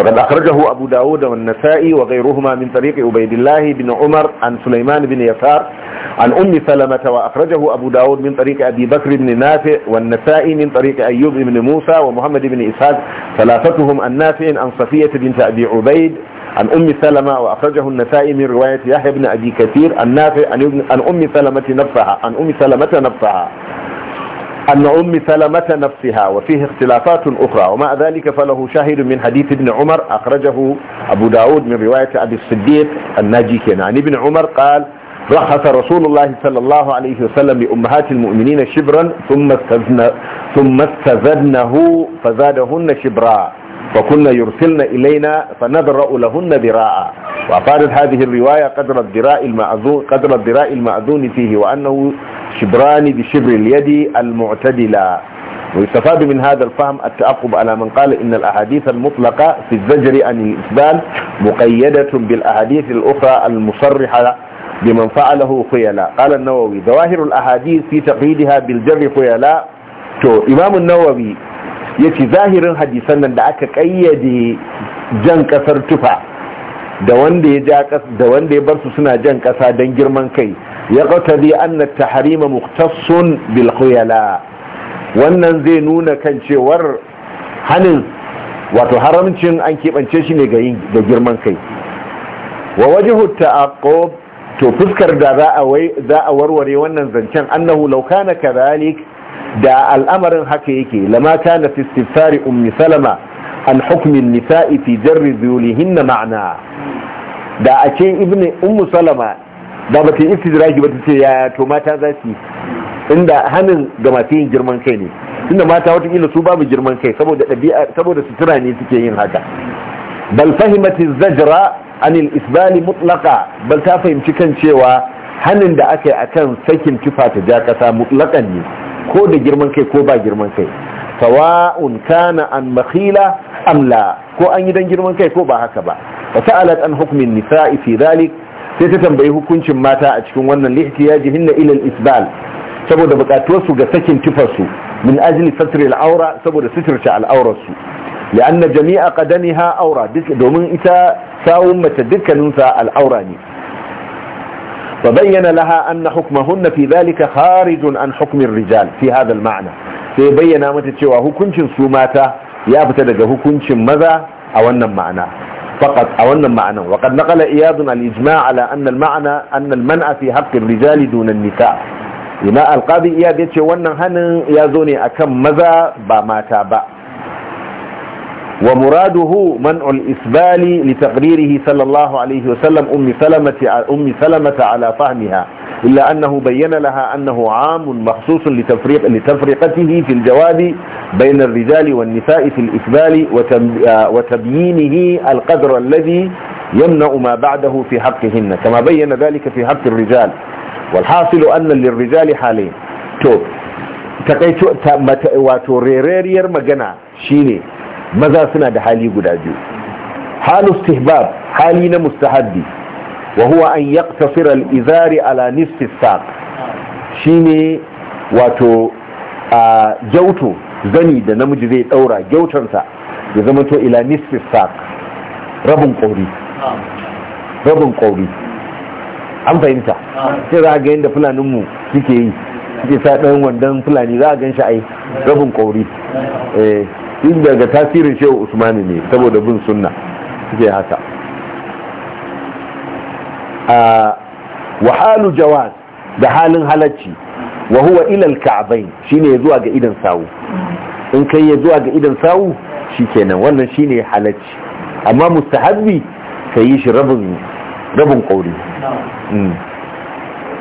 وقد أخرجه أبو داود والنسائي وغيرهما من طريق عبيد الله بن عمر عن سليمان بن يسار عن أم سلمة وأخرجه أبو داود من طريق أبي بكر بن نافع والنسائي من طريق أيوب بن موسى ومحمد بن إسحاق ثلاثتهم عن نافع عن صفية بنت أبي عبيد عن أم سلمة وأخرجه النسائي من رواية يحيى بن أبي كثير النافع عن أم سلمة نفسها عن أم سلمة نفسها أن أم سلمة نفسها وفيه اختلافات أخرى ومع ذلك فله شاهد من حديث ابن عمر أخرجه أبو داود من رواية أبي الصديق الناجي كان عن ابن عمر قال رخص رسول الله صلى الله عليه وسلم لأمهات المؤمنين شبرا ثم استزنه فزادهن شبرا فكنا يرسلن إلينا فنذرأ لهن ذراعا وقالت هذه الرواية قدر الذراع المعذون, قدر الذراع المعذون فيه وأنه شبران بشبر اليد المعتدلة ويستفاد من هذا الفهم التعقب على من قال إن الأحاديث المطلقة في الزجر عن الإسبال مقيدة بالأحاديث الأخرى المصرحة بمن فعله خيلاء قال النووي ظواهر الأحاديث في تقييدها بالجر خيلاء تو إمام النووي ya ce zahirin hadisan nan da aka kayyade jan kasar tufa da wanda ya ja da wanda ya bar su suna jan kasa don girman kai ya qatadi anna at-tahrim muhtassun bil khuyala wannan zai nuna kan cewar hanin wato haramcin an keɓance shi ne ga girman kai wa wajhu ta'aqqub to fuskar da za a wai za a warware wannan zancen annahu law kana kadhalik da al'amarin haka yake lama kana na istifsari ummi salama an hukumin nisa'i fi jarri zulihinna ma'ana da a ce ibn ummu salama da ba ta yi istidraki ba ta ce ya to mata za su inda hannun ga masu yin girman kai ne Inda mata watakila su babu girman kai saboda ɗabi'a saboda sutura ne suke yin haka bal fahimat zajra anil isbali mutlaka bal ta fahimci kan cewa hannun da aka yi akan sakin tufa ta ja kasa mutlaƙan ne ko da girman kai ko ba girman kai sawa'un kana an makila amla, ko an yi dan girman kai ko ba haka ba wa ta'alat an hukmin nisa'i fi dhalik sai ta tambayi hukuncin mata a cikin wannan lihtiyajihinna ila al-isbal saboda bukatuwar su ga sakin tufar su min ajli satr al-awra saboda sitirce al-awrar su li'anna jami'a qadamiha awra domin ita sawun mace dukkanin sa al-awra ne فبين لها أن حكمهن في ذلك خارج عن حكم الرجال في هذا المعنى سيبين متى تشوى هكونش سوماتا يابتدق هكونش ماذا أولنا معنى فقط أولنا معنى وقد نقل إياد الإجماع على أن المعنى أن المنع في حق الرجال دون النساء لما القاضي إياد يتشوى أنه هن يازوني أكم ماذا بماتا بأ ومراده منع الإسبال لتقريره صلى الله عليه وسلم أم سلمة, أم سلمة على فهمها إلا أنه بين لها أنه عام مخصوص لتفريق لتفرقته في الجواب بين الرجال والنساء في الإسبال آه، وتبيينه القدر الذي يمنع ما بعده في حقهن كما بين ذلك في حق الرجال والحاصل أن للرجال حالين تو تقيت وتوريرير ريرير مجنع شيني maza suna da hali guda biyu halu istihbab hali na mustahabbi wa huwa an yaqtasira al-izari ala nisfi saq shine wato a gyauto zani da namiji zai daura gyautarsa ya zama to ila nisfi saq rabin kauri rabin kauri an fahimta sai za a ga yadda mu suke yi suke sa dan wandan fulani za a gan shi ai rabin eh in daga tasirin shehu usmani ne saboda bin sunna suke haka wa halu jawaz da halin halacci wa huwa ilal ka'bain shine zuwa ga idan sawu in kai ya zuwa ga idan sawu shikenan wannan shine halacci amma mustahabbi kai shi rabin rabin kauri mm.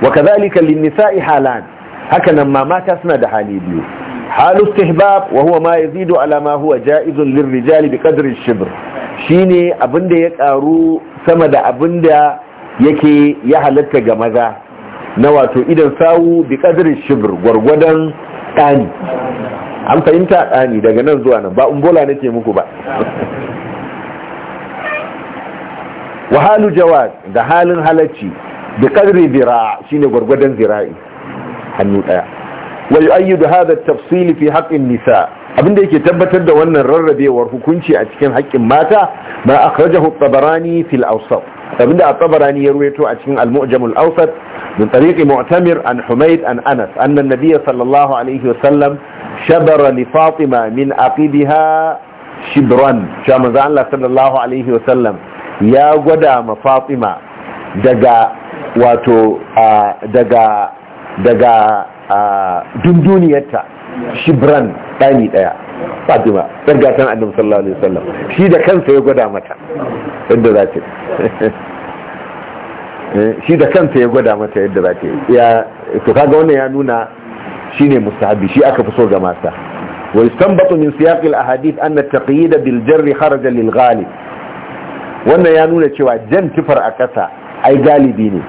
wa kadhalika lin nisa'i halan haka nan ma mata suna da hali biyu halu istihbab wa huwa ma yazidu alama ma huwa jaizun lirrijali bi qadri ash-shibr shine abinda ya karu sama da abinda yake ya halatta ga maza na wato idan sawu bi qadri ash tsani an fahimta tsani daga nan zuwa nan ba bola nake muku ba Wahalu halu jawaz da halin halacci bi qadri shine gurgurdan zira'i hannu ɗaya. wa yu'ayyidu hadha at-tafsil fi haqqin nisa abinda yake tabbatar da wannan rarrabewar hukunci a cikin haƙƙin mata ma akhrajahu at-tabarani fil awsat abinda a tabarani ya ruwaito a cikin al mujamul awsat min tariqi mu'tamir an humayd an anas anna an-nabiy sallallahu alayhi wa sallam shabara li fatima min aqibiha shibran sha manzo Allah sallallahu wa sallam ya gwada ma fatima daga wato daga daga a dunduniyarta shibran dani ɗaya fatima ɗan gatan annabi sallallahu alaihi wasallam shi da kansa ya gwada mata yadda za ta eh, shi da kansa ya gwada mata yadda za ta ya to kaga wannan ya nuna shine mustahabi shi aka fi so ga mata wa istanbatu min siyaq al ahadith anna taqyid bil jarr kharaja lil ghalib wannan ya nuna cewa jan tufar a kasa ai galibi ne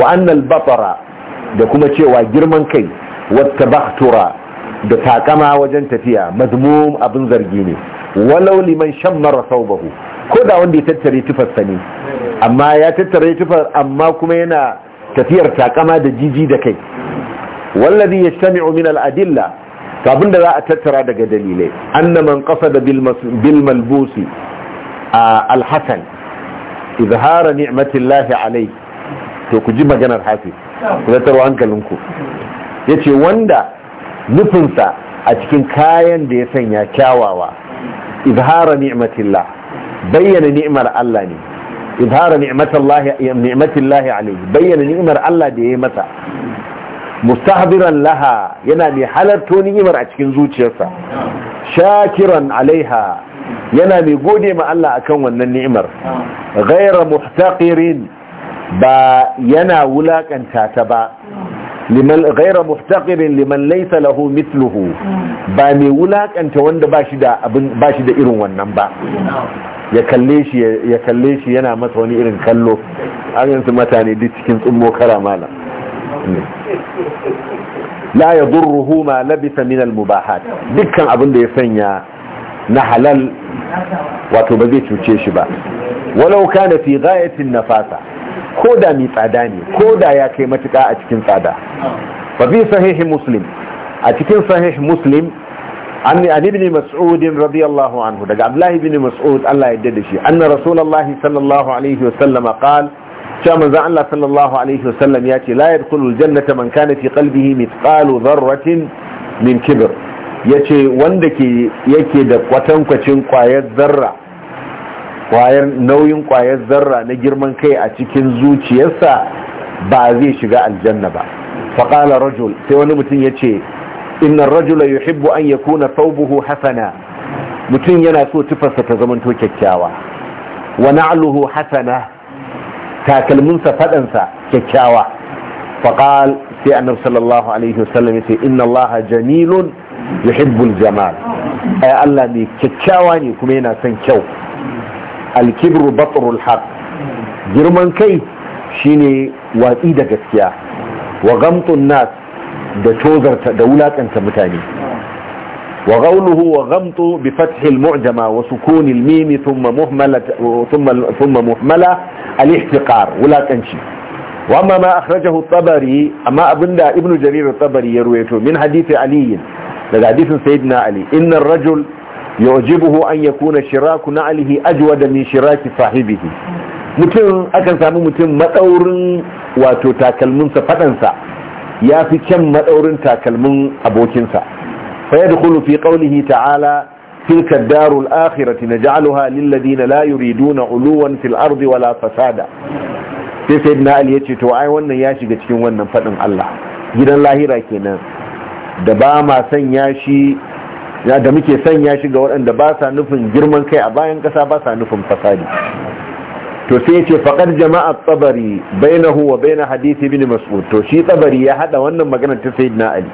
wa anna al batara da kuma cewa girman kai wata baktura da takama wajen tafiya mazmum abin zargi ne walau liman sau bahu. ko da wanda ya tattare tufarsa ne amma ya tattare tufar amma kuma yana tafiyar takama da jiji da kai wallazi ya min al-adilla to abinda za a tattara daga dalilai Annaman man da bil malbusi alhassan Alhassan. izhara ni'matillahi alaihi to ku ji maganar hafi ku zartarwa hankalinku ya ce wanda nufinsa a cikin kayan da ya sanya kyawawa izhara ni'matillah bayyana ni'mar Allah ne izhara ni'matillahi alaihi bayyana ni'mar Allah da ya yi mata mustahbiran laha yana mai halarto ni'imar a cikin zuciyarsa shakiran alaiha yana mai gode ma Allah akan wannan ni'imar gaira muhtaqirin ba yana wulakanta ta ba liman ghaira muftaqirin liman laysa lahu mithluhu ba mai wulakanta wanda ba shi da abin shi da irin wannan ba ya kalle shi ya kalle shi yana masa wani irin kallo an yanzu mutane duk cikin tsummo kara malam la yadurruhu ma labisa min al-mubahat dukkan abin da ya sanya na halal wato ba zai cuce shi ba walau kana fi ghayatin nafasa ko da mai tsada ne ko da ya kai matuka a cikin tsada Ba fi sahih muslim a cikin sahih muslim an ibn mas'ud radiyallahu anhu daga abdullahi ibn mas'ud Allah ya dade shi anna rasulullahi sallallahu alaihi wa sallam qala cha manzo Allah sallallahu alaihi wa sallam ya ce la yadkhulul jannata man kana fi qalbihi mithqalu dharratin min kibr yace wanda ke yake da kwatankwacin kwayar zarra kwayar nauyin kwayar zarra na girman kai a cikin zuciyarsa ba zai shiga aljanna ba faƙala rajul sai wani mutum ya ce inna rajula yuhibbu an yakuna thawbuhu hasana mutum yana so tufarsa ta zamanto kyakkyawa wa na'luhu hasana takalminsa fadansa kyakkyawa faqal sai annabi sallallahu alaihi wasallam yace inna allaha jamilun yuhibbul jamal ai Allah ne kyakkyawa ne kuma yana son kyau الكبر بطر الحق جرمان كي شيني وإيدا قتيا وغمط الناس دا توزر تدولات أنت متاني وغوله وغمط بفتح المعجمة وسكون الميم ثم مهملة ثم ثم مهملة الاحتقار ولا تنشي وأما ما أخرجه الطبري أما أبن ابن جرير الطبري يرويته من حديث علي لذا حديث سيدنا علي إن الرجل yujibuhu an yakuna shiraku na'alihi ajwada min shiraki sahibihi mutum akan samu mutum matsaurin wato takalminsa faɗansa ya fi kyan matsaurin takalmin abokinsa fa yadkhulu fi qawlihi ta'ala tilka ad-darul akhirati naj'aluha lil ladina la yuriduna 'uluwan fil ardi wala fasada sai sayyidina ali yace to ai wannan ya shiga cikin wannan fadin Allah gidan lahira kenan da ba ma sanya shi ya da muke sanya ya shiga waɗanda ba sa nufin girman kai a bayan ƙasa ba sa nufin fasadi to sai ce faƙar jama'a tsabari bainahu wa baina hadisi bin mas'ud to shi tsabari ya haɗa wannan maganar ta sayyidina ali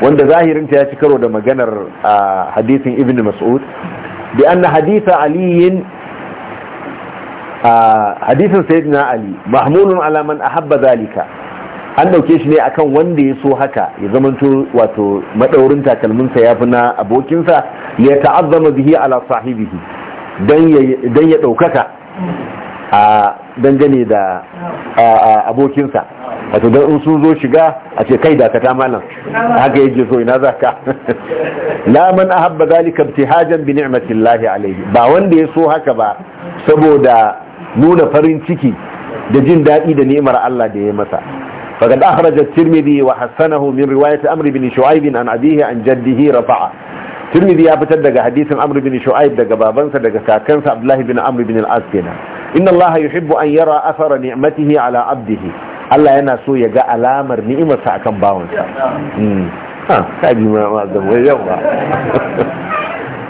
wanda zahirinta ya ci karo da maganar a hadisin ibn mas'ud bi anna hadisa aliyin hadisin sayyidina ali mahmulun ala man ahabba zalika an dauke shi ne akan wanda ya so haka ya zamanto wato madaurin takalminsa ya fi na abokinsa ya ta'azzama bihi ala sahibihi dan ya ɗaukaka, a dangane da abokinsa wato don in sun zo shiga a ce kai dakata malam haka yake so ina za ka la man ahabba zalika ibtihajan bi ni'matillahi alayhi ba wanda ya so haka ba saboda nuna farin ciki da jin daɗi da ni'imar Allah da ya masa فقد أخرج الترمذي وحسنه من رواية أمر بن شعيب عن أبيه عن جده رفع ترمذي يا فتر دقى حديث أمر بن شعيب دقى بابنسى دقى ساكنس عبد الله بن أمر بن الأسكنة إن الله يحب أن يرى أثر نعمته على عبده الله ينسو so ya نعمة ساكن ni'imarsa akan bawansa ha kaji ma ma da yawa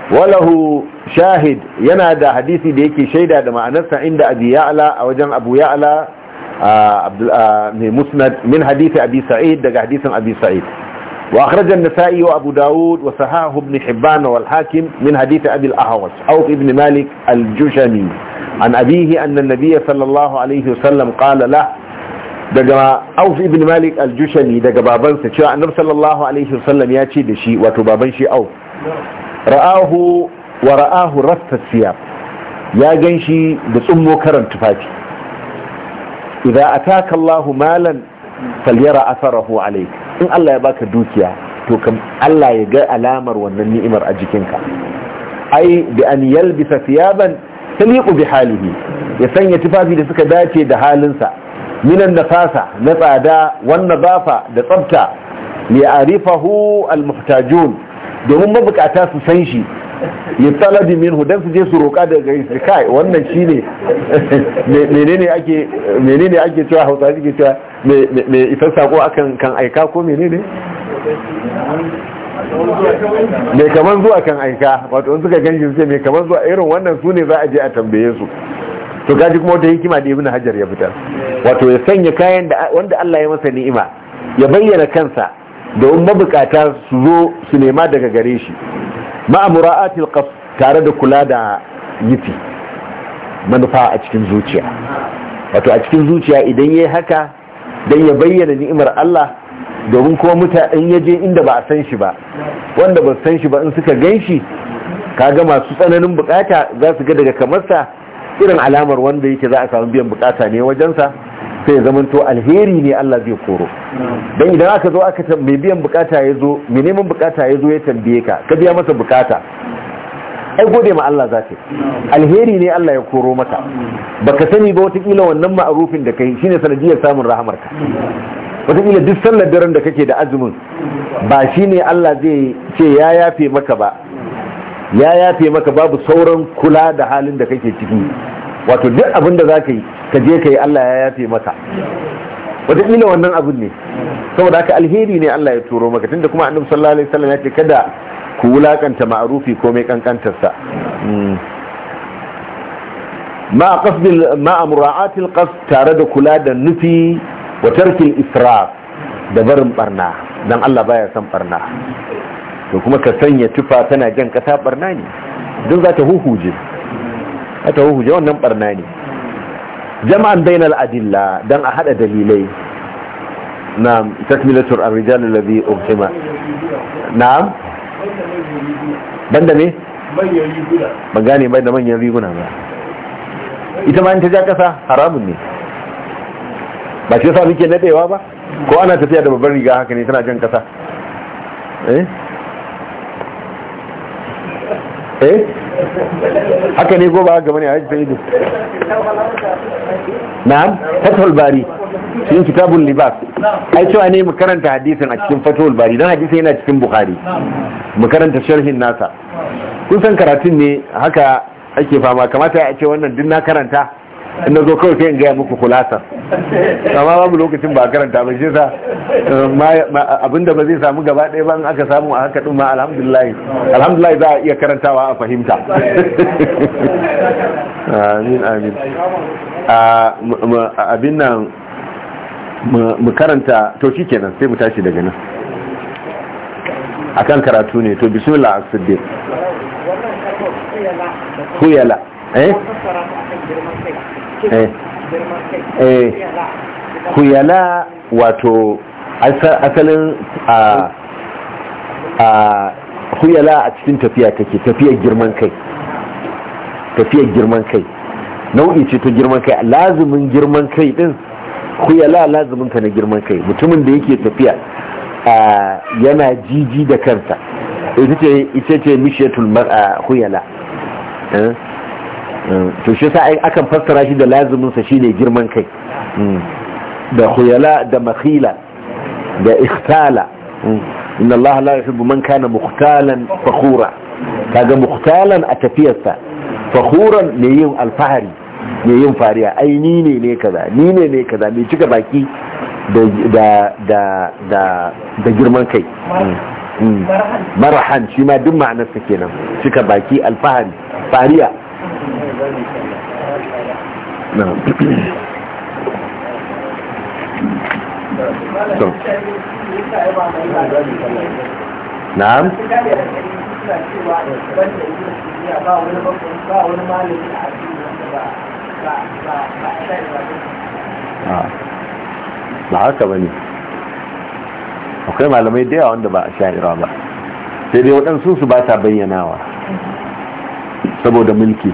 walahu shahid yana da hadisi da yake shaida da ma'anarsa inda abi ya'la a wajen mai musnad min hadisi abi sa'id daga hadisin abi sa'id وأخرج النسائي وأبو داود وسهاه بن حبان والحاكم من حديث أبي الأهوس عوف بن مالك الجشمي عن أبيه أن النبي صلى الله عليه وسلم قال له daga Auf ibn Malik al-Jushani daga babansa cewa Annabi sallallahu alaihi sallam ya ce da shi wato baban shi Auf ra'ahu wa ra'ahu rasta siyab ya ganshi da tsummo tufafi idza a Allahu malan falyara atharahu alayk in Allah ya baka dukiya to kam Allah ya ga alamar wannan ni'imar a jikinka ai bi an yalbisa thiyaban taliqu bi halihi ya sanya tufafi da suka dace da halinsa minan nafasa na tsada wan zafa da tsafta li arifahu al muhtajun domin mabukata su san shi li talabi minhu dan su je su roƙa daga gari su kai wannan shine menene ake menene ake cewa Hausa ake cewa me ita isar sako akan kan aika ko menene mai kaman zuwa kan aika wato in suka ganshi sai mai kaman zuwa irin wannan su ne za a je a tambaye su to gaji kuma wata hikima da ibn hajar ya fitar wato ya sanya kayan da wanda Allah ya masa ni'ima ya bayyana kansa domin mabukata su zo su nema daga gare shi ma'amura'atil qas tare da kula da yifi manufa a cikin zuciya wato a cikin zuciya idan yayi haka dan ya bayyana ni'imar Allah domin kuma mutane ya je inda ba a san shi ba wanda ba san shi ba in suka ganshi? shi kaga masu tsananin bukata za su ga daga kamarsa irin alamar wanda yake za a samu biyan bukata ne wajensa sai zamanto alheri ne Allah zai koro don idan aka zo aka mai biyan bukata ya zo mai neman bukata ya zo ya tambaye ka ka biya masa bukata ai gode ma Allah za alheri ne Allah ya koro maka baka sani ba watakila wannan ma'arufin da kai shine sanadiyar samun rahamar rahamarka watakila duk sallar daren da kake da azumin ba shine Allah zai ce ya yafe maka ba ya yafe maka babu sauran kula da halin da kake ciki wato duk abin da za ka yi ka je ka yi Allah ya yafe maka wataƙila wannan abin ne saboda haka alheri ne Allah ya turo maka tunda kuma annabi sallallahu alaihi wasallam ya ce kada ku wulakanta ma'rufi ko mai kankantar sa hmm. ma qasdil ma amra'ati tare da kula da nufi wa tarkil israf da barin barna dan Allah baya san barna to kuma ka sanya tufa tana jan kasa barna ne duk za ta huhuje a ta huje wannan barna ne jama'an bainal adilla don a hada dalilai na takmilatur arrijal alladhi uhsima na'am banda ne bangane ban gane bai da manyan riguna ba ita ma in ta ja kasa haramun ne ba ce sa muke nadewa ba ko ana tafiya da babban riga haka ne tana jan kasa eh eh haka ne ko ba ne a hajji sayidu na'am fatul bari cikin kitabun libas ai cewa ne mu karanta hadisin a cikin fatul bari dan hadisin yana cikin bukhari mu karanta sharhin nasa kun san karatun ne haka ake fama kamata a ce wannan din na karanta na zo kawai sai in gaya muku kulata amma babu lokacin ba karanta ba shi sa eh, abinda ba zai samu gaba ɗaya ba in aka samu a haka ɗin ma alhamdulillah alhamdulillah za a iya karantawa a fahimta amin amin abin nan mu karanta to shi kenan sai mu tashi daga nan A kan karatu ne to bismillah as-siddiq huyala eh kuyala eh. eh. wato asalin a huyala a cikin tafiya take tafiyar girman kai tafiyar girman kai nau'i ce ta girman kai lazumin girman kai din huyala lazumin ka na girman kai mutumin da yake tafiya yana jiji da kansa ita ce mishiyatul huyala eh. to shi sa akan fassara shi da lazumin sa shine girman kai hmm. da khuyala da makhila da ikhtala hmm. inna allaha la yuhibbu man kana mukhtalan fakhura kaga mukhtalan a sa fakhuran ne yin alfahari ne yin fariya ai ni ne ne kaza ni ne ne kaza me cika baki da da da da girman kai hmm. marhan shi ma duk sa kenan cika baki alfahari fariya نعم نعم ah. ba haka ba ne akwai malamai da yawa wanda ba a sha'ira ba sai dai waɗansu su ba ta bayyanawa saboda mulki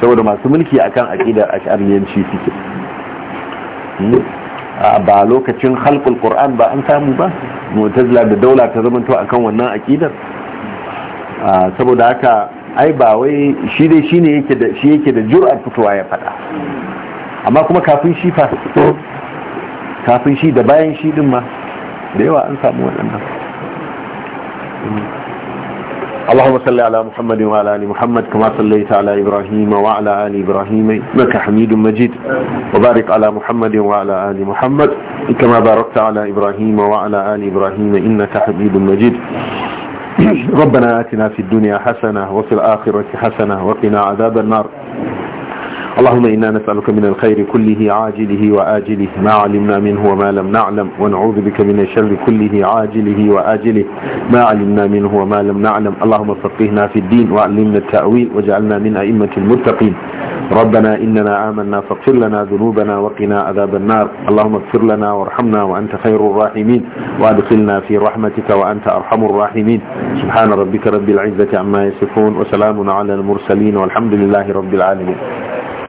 saboda masu mulki akan aqidar ash'ariyanci suke hmm? ba lokacin halkul qur'an ba an samu ba mu'tazila da daula ta to akan wannan aqidar saboda haka ai ba wai shi dai shine yake da shi yake da jur'a fitowa ya fada amma kuma kafin shi fa kafin shi da bayan shi din ma da yawa an samu waɗannan hmm. اللهم صل على محمد وعلى ال محمد كما صليت على ابراهيم وعلى ال ابراهيم انك حميد مجيد وبارك على محمد وعلى ال محمد كما باركت على ابراهيم وعلى ال ابراهيم انك حميد مجيد ربنا آتنا في الدنيا حسنة وفي الآخرة حسنة وقنا عذاب النار اللهم إنا نسألك من الخير كله عاجله وآجله ما علمنا منه وما لم نعلم ونعوذ بك من الشر كله عاجله وآجله ما علمنا منه وما لم نعلم اللهم فقهنا في الدين وعلمنا التأويل واجعلنا من أئمة المتقين ربنا إننا آمنا فاغفر لنا ذنوبنا وقنا عذاب النار اللهم اغفر لنا وارحمنا وأنت خير الراحمين وأدخلنا في رحمتك وأنت أرحم الراحمين سبحان ربك رب العزة عما يصفون وسلام على المرسلين والحمد لله رب العالمين